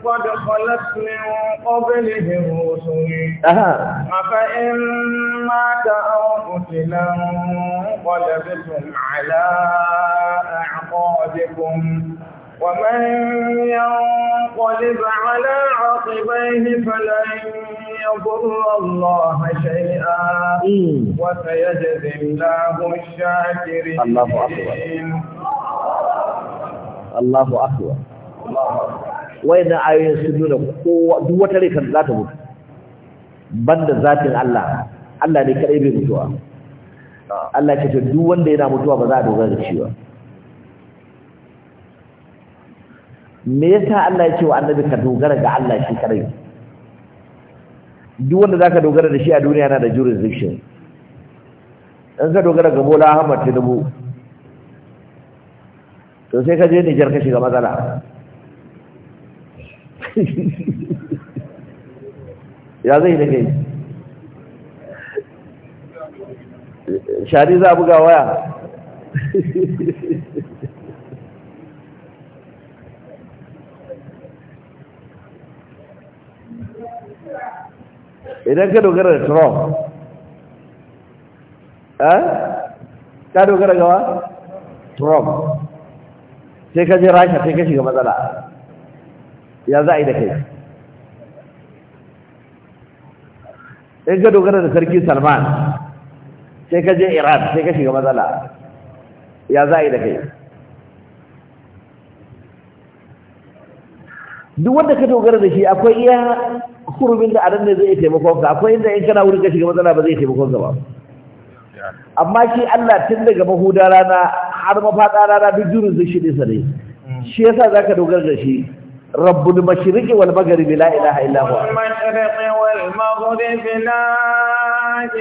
qad khalat min qablihi rusul aha afa in ma ta'utilan qalbtum ala a'qabikum ومن ينقلب على عقبيه فلن يضر الله شيئا وسيجزي الله الشاكرين الله أكبر الله أكبر ayoyin sun nuna kowa duk wata rikar za ta mutu banda zafin Allah Allah ne kadai bai mutuwa Allah ce duk wanda yana mutuwa ba za a dogara da shi ba me yasa Allah ya ce wa annabi ka dogara ga Allah shi kadai duk wanda zaka dogara da shi a duniya yana da jurisdiction in ka dogara ga Bola Ahmad Tinubu to sai ka je Niger ka shiga matsala ya zai da kai shari za buga waya idan ka dogara da trump eh ka dogara gawa trump sai ka je rasha sai ka shiga matsala ya za a yi da kai in ka dogara da sarki salman sai ka je iran sai ka shiga matsala ya za a yi da kai duk wanda ka dogara da shi akwai iya hurumin da anan ne zai taimakon ka akwai inda in kana wurin ka shiga matsala ba zai taimakon ka ba amma shi Allah tun daga mahuda rana har mafaɗa rana duk jurin zai shi nesa ne shi yasa zaka dogara da shi رب المشرق والمغرب لا إله إلا هو المشرق والمغرب لا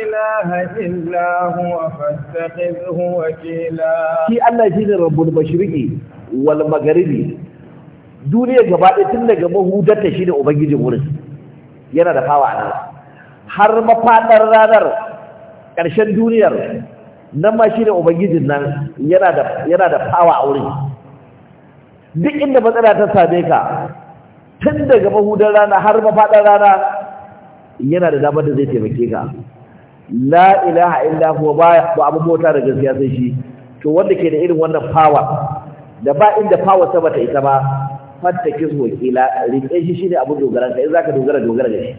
إله إلا هو فاتخذه وكيلا في الله شيء رب المشرق والمغرب Duniya gaba ɗaya tun daga shi ne ubangijin wurin yana da fawa nan har mafaɗar ranar ƙarshen duniyar nan ma shi ne ubangijin nan yana da fawa a wurin duk inda matsala ta same ka tun daga mahudar rana har mafaɗar rana yana da damar da zai taimake ka la ilaha illa huwa ba ba abu mota da gaskiya sai shi to wanda ke da irin wannan power da ba inda power ta bata ita ba fatta su wakila rike shi ne abu dogaran ka za ka dogara dogara da shi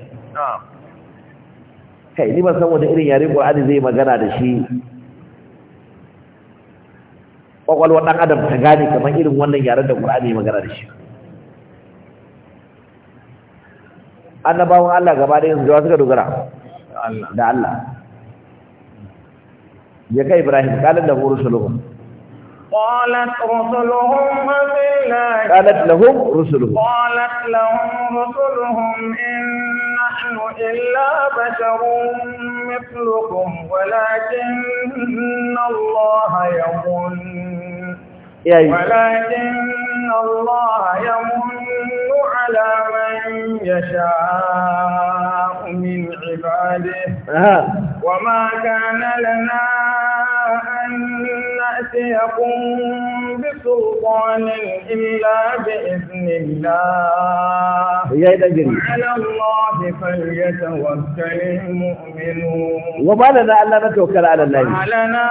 kai ni ban san wani irin yare Qur'ani zai magana da shi Ƙwaƙwalwa ɗan adam ta gane kamar irin wannan yaren da Qur'ani ya magana da shi annabawan Allah gaba da yanzu da suka dogara da Allah ya kai Ibrahim kalin da rusuluhum قالت رسلهم في الله قالت لهم رسلهم قالت لهم رسلهم إن نحن إلا بشر مثلكم ولكن الله يمن ولكن الله يمن على من يشاء من عباده آه. وما كان لنا أن نأتيكم بسلطان إلا بإذن الله وعلى الله فليتوكل المؤمنون وما لنا أن نتوكل على الله ما لنا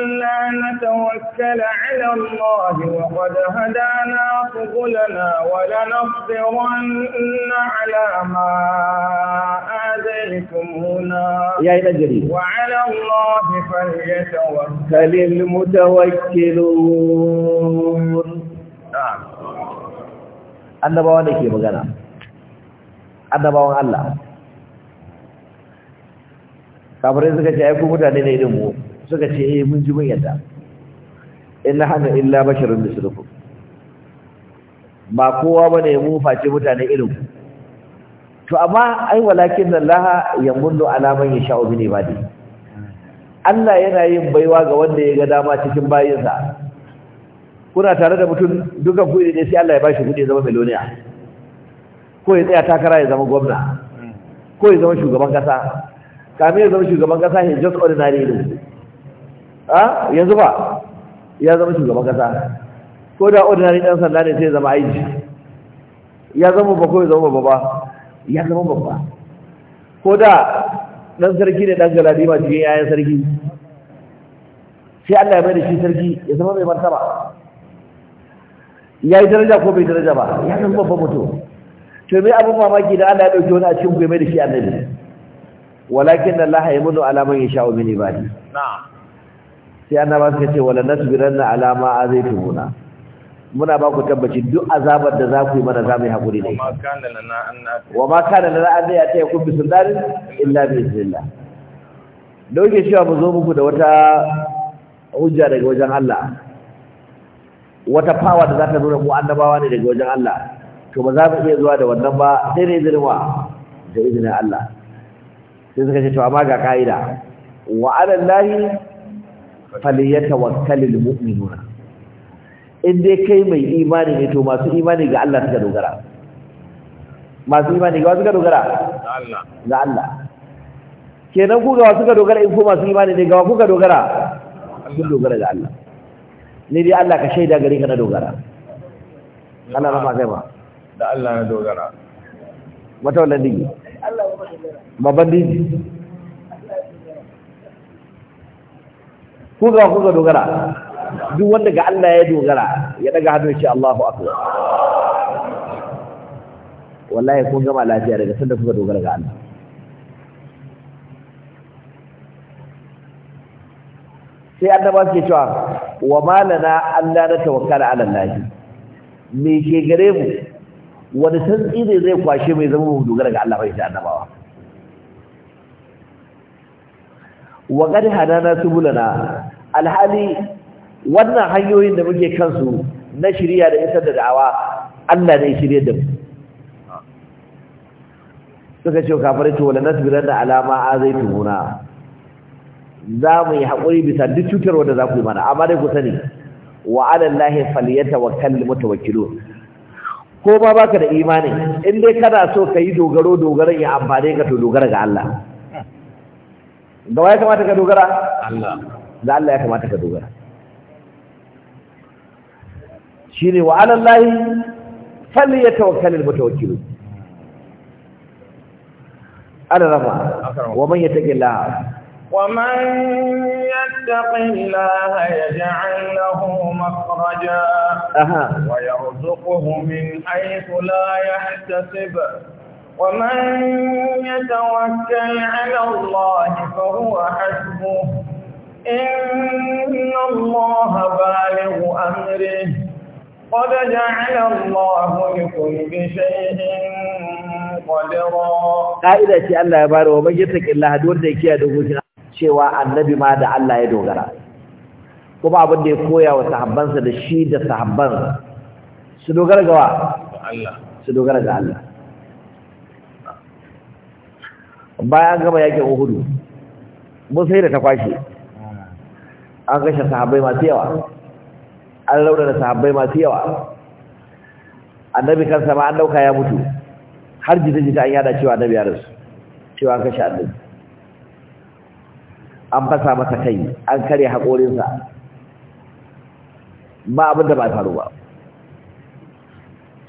ألا نتوكل على الله وقد هدانا فضلنا ولنصبرن على ما آذيتمونا يا إلى الجليل وعلى الله فليتوكل المتوكلون نعم. أنا بوانيكي بغنا أنا بوان الله kabar rezeki ci suka ce eh mun ji mun yadda illa hana illa basharun mislukum ba kowa bane mu face mutane irin ku to amma ai walakin Allah ya mundu alaman ya sha'u ba ibadi Allah yana yin baiwa ga wanda ya ga dama cikin bayinsa kuna tare da mutum duka kuɗi ne sai Allah ya bashi kuɗi ya zama miliyoniya ko ya tsaya takara ya zama gwamna ko ya zama shugaban kasa kamar ya zama shugaban kasa he just ordinary ne a yanzu ba ya zama shugaban kasa ko da ordinary dan sanda ne sai ya zama aiki ya zama babba ko ya zama babba ya zama babba ko da dan sarki ne dan galadima cikin yayin sarki sai Allah ya bada shi sarki ya zama mai martaba ya yi daraja ko bai daraja ba ya zama babba mutum to mai abin mamaki da Allah ya dauke wani a cikin gwai mai da shi annabi walakin Allah ya mudu alaman ya sha'u min ibadi na'am sai annaba suka ce wala nasbiranna ala ma azaytumuna muna ba ku tabbaci duk azabar da za ku yi mana za mu yi hakuri ne wa ma kana lana an ya taya kun bi sundarin illa bi iznillah da kuke cewa mu zo muku da wata hujja daga wajen Allah wata power da za ta nuna mu annabawa ne daga wajen Allah to ba za mu iya zuwa da wannan ba sai da izinin wa da izinin Allah sai suka ce to amma ga ka'ida wa alallahi falyatawakkalul mu'minuna in dai kai mai imani ne to masu imani ga Allah suka dogara masu imani ga suka dogara ga Allah ga Allah kenan ku ga suka dogara in ko masu imani ne ga ku ka dogara Sun dogara ga Allah ne dai Allah ka shaida gare ka na dogara Allah rama kai ba da Allah na dogara mata wallan digi Allah ba dogara babban ku ga ku ga dogara duk wanda ga Allah ya dogara ya daga hannun shi Allahu akbar wallahi kun ga lafiya daga sanda ga dogara ga Allah sai annaba ke cewa wa malana Allah na tawakkala ala Allah me ke gare mu wani santsi ne zai kwashe mai zama mu dogara ga Allah bai ta annabawa wa qad hadana subulana alhali wannan hanyoyin da muke kansu na shirya da isar da da'awa Allah ne shirye da mu suka ce kafirai to wala nasbiran da alama azaitumuna za mu yi hakuri bisa duk cutarwa da za ku yi mana amma dai ku sani wa ala llahi falyatawakkal mutawakkilun ko ba baka da imani in dai kana so ka yi dogaro dogaran ya amfane ka to dogara ga Allah ga ya kamata ka dogara Allah da Allah ya kamata ka dogara shine wa ala Allah falyatawakkal almutawakkil ala rafa wa man yattaqillah ومن يتق الله يجعل له مخرجا ويرزقه من حيث لا يحتسب ومن يتوكل على الله فهو حسبه إن الله بالغ أمره قد جعل الله لكل شيء قدرا قائدة شيء الله يبارك ومن يترك الله دور ذيك يا دوغوشنا cewa annabi ma da Allah ya dogara kuma abin da ya koya wa sahabbansa da shi da sahabban su dogara ga Allah su dogara ga Allah bayan gaba yakin uhudu mun sai da ta kwashe an kashe sahabbai masu yawa an rauna da sahabbai masu yawa annabi kansa ma an dauka ya mutu har jita-jita an yada cewa annabi ya rasu cewa an kashe annabi an fasa masa kai an kare haƙorinsa ba abin da ba faru ba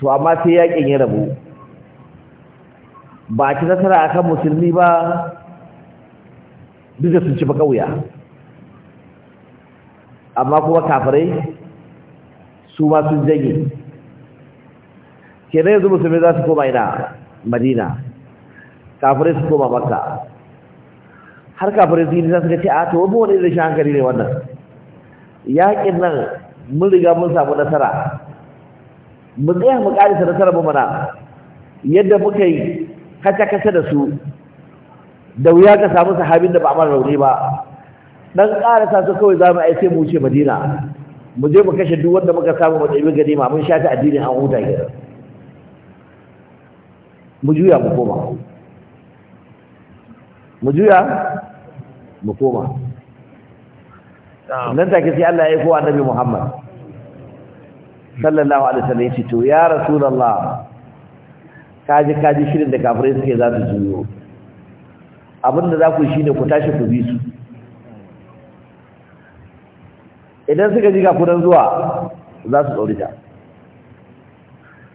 to amma sai yakin ya rabu ba ci nasara a kan musulmi ba duk da sun ci bakauya amma kuma kafirai su ma sun janye. kenan yanzu musulmi za su koma ina madina kafirai su koma makka har kafirai su yi nisa suka ce a to wani wani irin hankali ne wannan yaƙin nan mun riga mun samu nasara mu tsaya mu ƙarisa nasarar mu mana yadda muka yi kasa-kasa da su da wuya ka samu sahabin da ba mara rauni ba dan karasa su kawai za mu ai sai mu wuce madina mu je mu kashe duk wanda muka samu mu ɗabi gari ma mun shafi addini an huta ke mu juya mu koma mu juya mu koma nan take sai Allah ya yi kowa annabi Muhammad sallallahu alaihi wasallam ya ce to ya rasulullah kaji kaji shirin da kafirai suke za su juyo abinda za ku shine ku tashi ku bi su idan suka ji ga kudan zuwa za su ta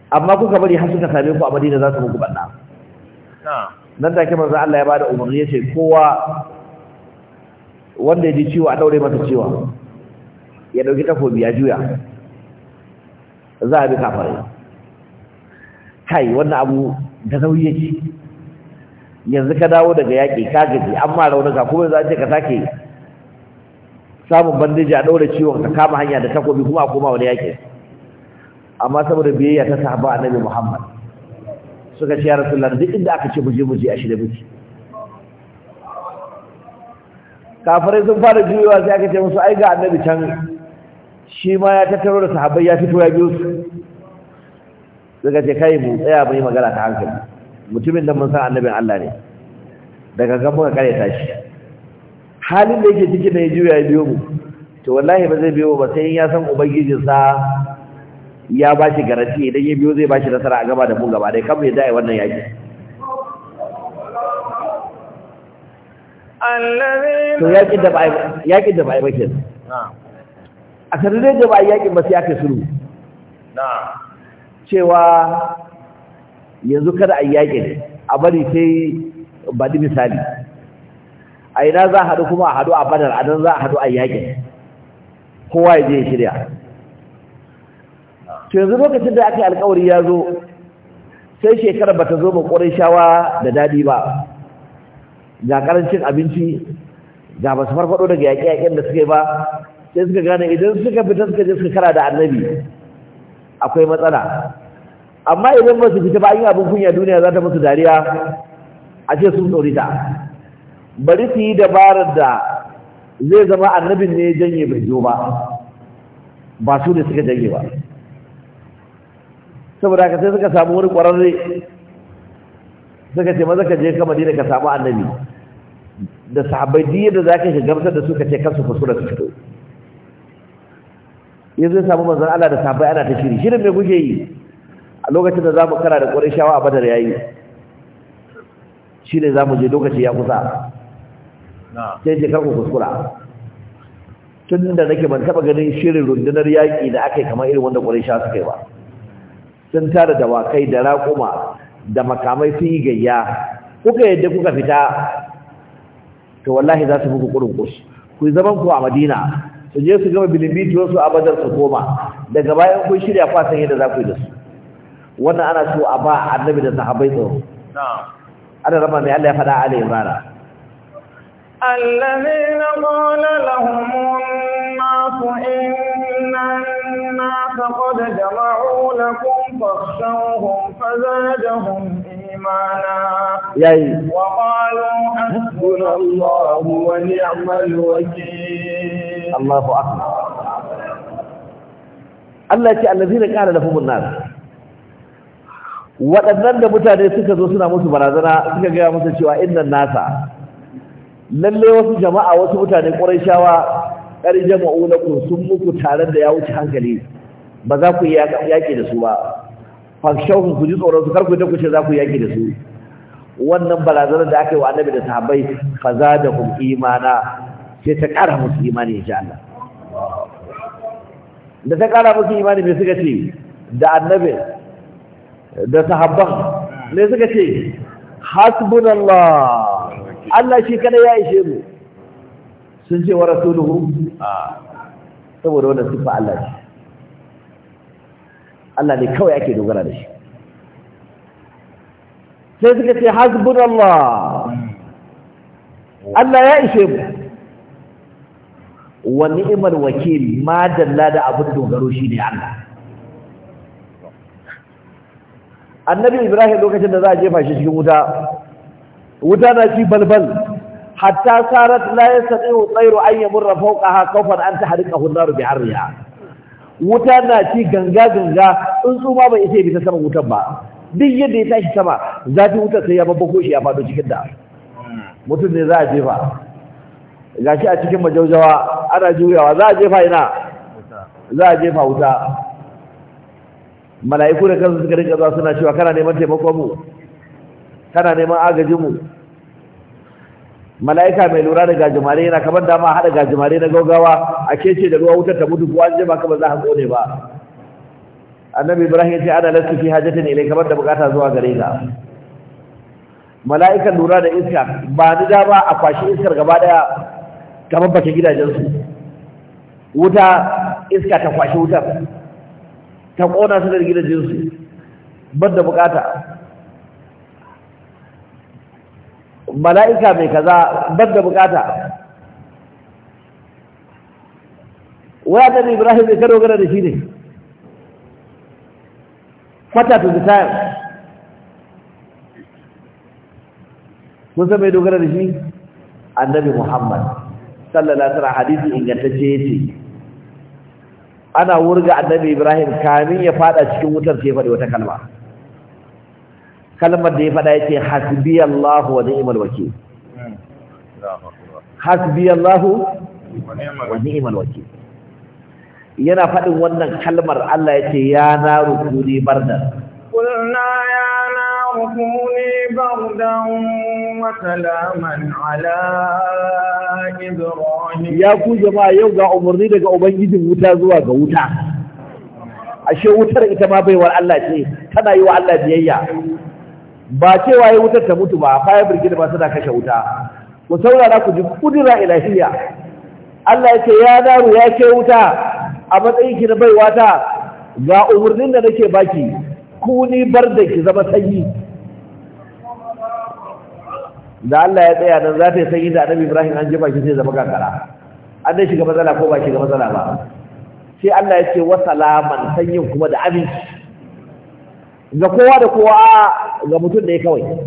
amma kuka bari har suka same ku a madina za su muku banna nan take manzo Allah ya bada umarni yace kowa wanda ya ji ciwo a daure masa ciwo ya dauki takobi ya juya za a bi kafirai kai wannan abu da nauyi yake yanzu ka dawo daga yaƙi ka gaji amma raunuka kuma za ce ka sake samun bandeji a ɗaure ciwon ka kama hanya da takobi kuma a koma wani yaƙi amma saboda biyayya ta sahaba annabi muhammad suka ce ya rasulullah duk inda aka ce muje muje a shi da miki kafirai sun fara juyowa sai aka ce musu ai ga annabi can shi ma ya tattaro da sahabbai ya fito ya biyo su suka ce kai mu tsaya mu yi magana ta hankali mutumin da mun san annabin Allah ne daga ga muka kare ta shi halin da yake cikin da ya juya ya biyo mu to wallahi ba zai biyo ba sai in ya san ubangijinsa ya ba shi garanti idan ya biyo zai ba shi nasara a gaba da mu gaba dai kamar yadda ai wannan yaki to yakin da ba yakin da ba ai ba kenan a sarrafa da ba yakin ba sai aka suru na'am cewa yanzu kada a yaƙi ne a bari sai baɗi misali a ina za a haɗu kuma a haɗu a badar a nan za a haɗu a yaƙi kowa ya je ya shirya to yanzu lokacin da aka yi alkawari ya zo sai shekarar ba ta zo ba ƙwarai shawa da daɗi ba ga ƙarancin abinci ga basu farfaɗo daga yaƙe-yaƙen da suka yi ba sai suka gane idan suka fita suka je suka kara da annabi akwai matsala amma idan ba su fita ba yin abin kunya duniya za ta musu dariya a ce sun tsorita bari su yi dabarar da zai zama annabin ne janye bai zo ba ba su ne suka janye ba saboda ka sai suka samu wani ƙwararre suka ce maza ka je ka madina ka samu annabi da sahabbai diyar da za ka shiga gamsar da suka ce kansu fasura su fito ya samu manzon Allah da sabai ana ta shiri shirin me kuke yi a lokacin da zamu kara da shawa a Badar yayi shine zamu je lokaci ya kusa sai je karku kuskura tun da nake ban taba ganin shirin rundunar yaƙi da aka yi kamar irin wanda shawa suka yi ba sun tara dawakai da raƙuma da makamai sun yi gayya kuka yadda kuka fita to wallahi za su muku kurin kus ku zaman ku a Madina su je su gama bilimbituwar su a badar su koma daga bayan kun shirya fasan yadda za ku yi da su wannan ana so a ba annabi da sahabbai tsoro ana raba mai Allah ya faɗa alai imrana الذين قال لهم الناس إن الناس قد جمعوا لكم فاخشوهم فزادهم إيمانا وقالوا حسبنا الله ونعم الوكيل Allahu akbar Allah ya ce allazina qala lahum an nas waɗannan da mutane suka zo suna musu barazana suka gaya musu cewa innan nasa lalle wasu jama'a wasu mutane quraishawa kar jama'u na sun muku tare da ya wuce hankali ba za ku yi yaƙi da su ba shauku ku ji tsoron su karku da ku ce za ku yaƙi da su wannan barazanar da aka yi wa annabi da sahabbai fa imana sai ta ƙara musu imani insha Allah da ta ƙara musu imani mai suka ce da annabi da sahabban mai suka ce hasbunallah Allah shi kada ya ishe mu sun ce wa rasuluhu a ah. saboda wannan sufa Allah ce Allah ne kawai ake dogara da shi sai suka ce hasbunallah Allah ya ishe mu wa ni'mal wakil ma dalla da abin dogaro shine Allah annabi ibrahim lokacin da za a jefa shi cikin wuta wuta na ci balbal hatta sarat la yastati'u tayru an yamurra fawqaha khawfan an tahriqahu an-nar bi'arriha wuta na ci ganga ganga tsuntsu ma bai isa bisa saman wutan ba duk yadda ya tashi sama zafi wutar sai ya babbako shi ya fado cikin da mutum ne za a jefa gashi a cikin majaujawa ana juyawa za a jefa ina za a jefa wuta mala'iku da kansu suka rinka zuwa suna cewa kana neman taimakon mu kana neman agajin mu mala'ika mai lura da gajimare yana kamar dama haɗa gajimare na gaugawa a kece da ruwa wutar ta mutu ko an jefa kamar za a kone ba annabi ibrahim ya ce ana lasu fi hajjatin ilai kamar da bukata zuwa gare ka mala'ikan lura da iska ba ni dama a kwashi iskar gaba daya ta babbake gidajensu wuta iska ta kwashe wutar ta ƙona su da gidajensu ban da bukata mala'ika mai kaza ban da bukata waya da ibrahim mai karo gana da shi ne kwata to retire kun san mai dogara da shi annabi muhammad sallallahu alaihi wasallam hadisi ingantacce yace ana wurga annabi Ibrahim kamin ya fada cikin wutar sai faɗi wata kalma kalmar da ya faɗa yace hasbiyallahu wa ni'mal wakeel hasbiyallahu wa ni'mal wakeel yana faɗin wannan kalmar Allah yace ya naru kuri bardan qulna فكوني بردا وسلاما على إبراهيم يا كو جماعة يوغا أمرني لك أبنجد متازوا wuta. ashe wutar ita ma baiwar Allah ce tana yi wa Allah biyayya ba cewa ya wutar ta mutu ba fire brigade ba suna kashe wuta ku saurara ku ji kudura ilahiyya Allah ya ce ya daru ya ce wuta a matsayin ki na baiwata ga umarnin da nake baki ku ni bar da ki zama sanyi da Allah ya tsaya nan za ta yi sanyi da annabi Ibrahim an jefa shi sai zama kankara an dai shiga matsala ko ba shiga matsala ba sai Allah ya ce wa salaman sanyin kuma da aminci ga kowa da kowa ga mutum da ya kawai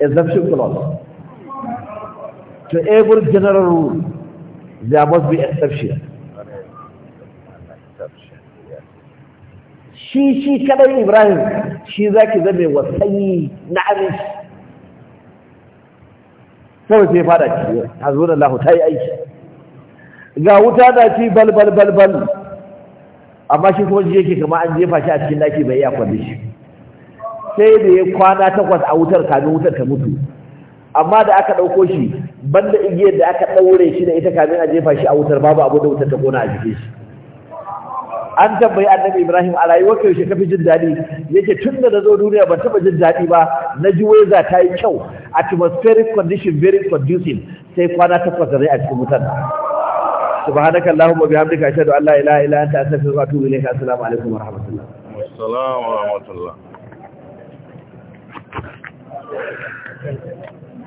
exception clause to every general rule there must be exception shi shi kadai Ibrahim shi zaki zame wa sanyi na aminci kawai sai fada ci hazbun Allah ta yi aiki ga wuta da ci bal bal bal bal amma shi kuma ji ke kama an jefa shi a cikin daki bai iya kwalli shi sai da ya kwana takwas a wutar kamin wutar ta mutu amma da aka ɗauko shi banda igiyar da aka ɗaure shi da ita kamin a jefa shi a wutar babu abu da wutar ta kona a jikin shi an tambayi annabi ibrahim a rayuwar kai shi kafi jin daɗi yake tun da na zo duniya ban taɓa jin daɗi ba na ji weza ta yi kyau atmospheric condition very conducive sai kwana takwas da zai a cikin wutar subhanaka allahumma bihamdika ashhadu an la ilaha illa anta astaghfiruka wa atubu ilayka assalamu alaikum wa rahmatullah assalamu wa rahmatullah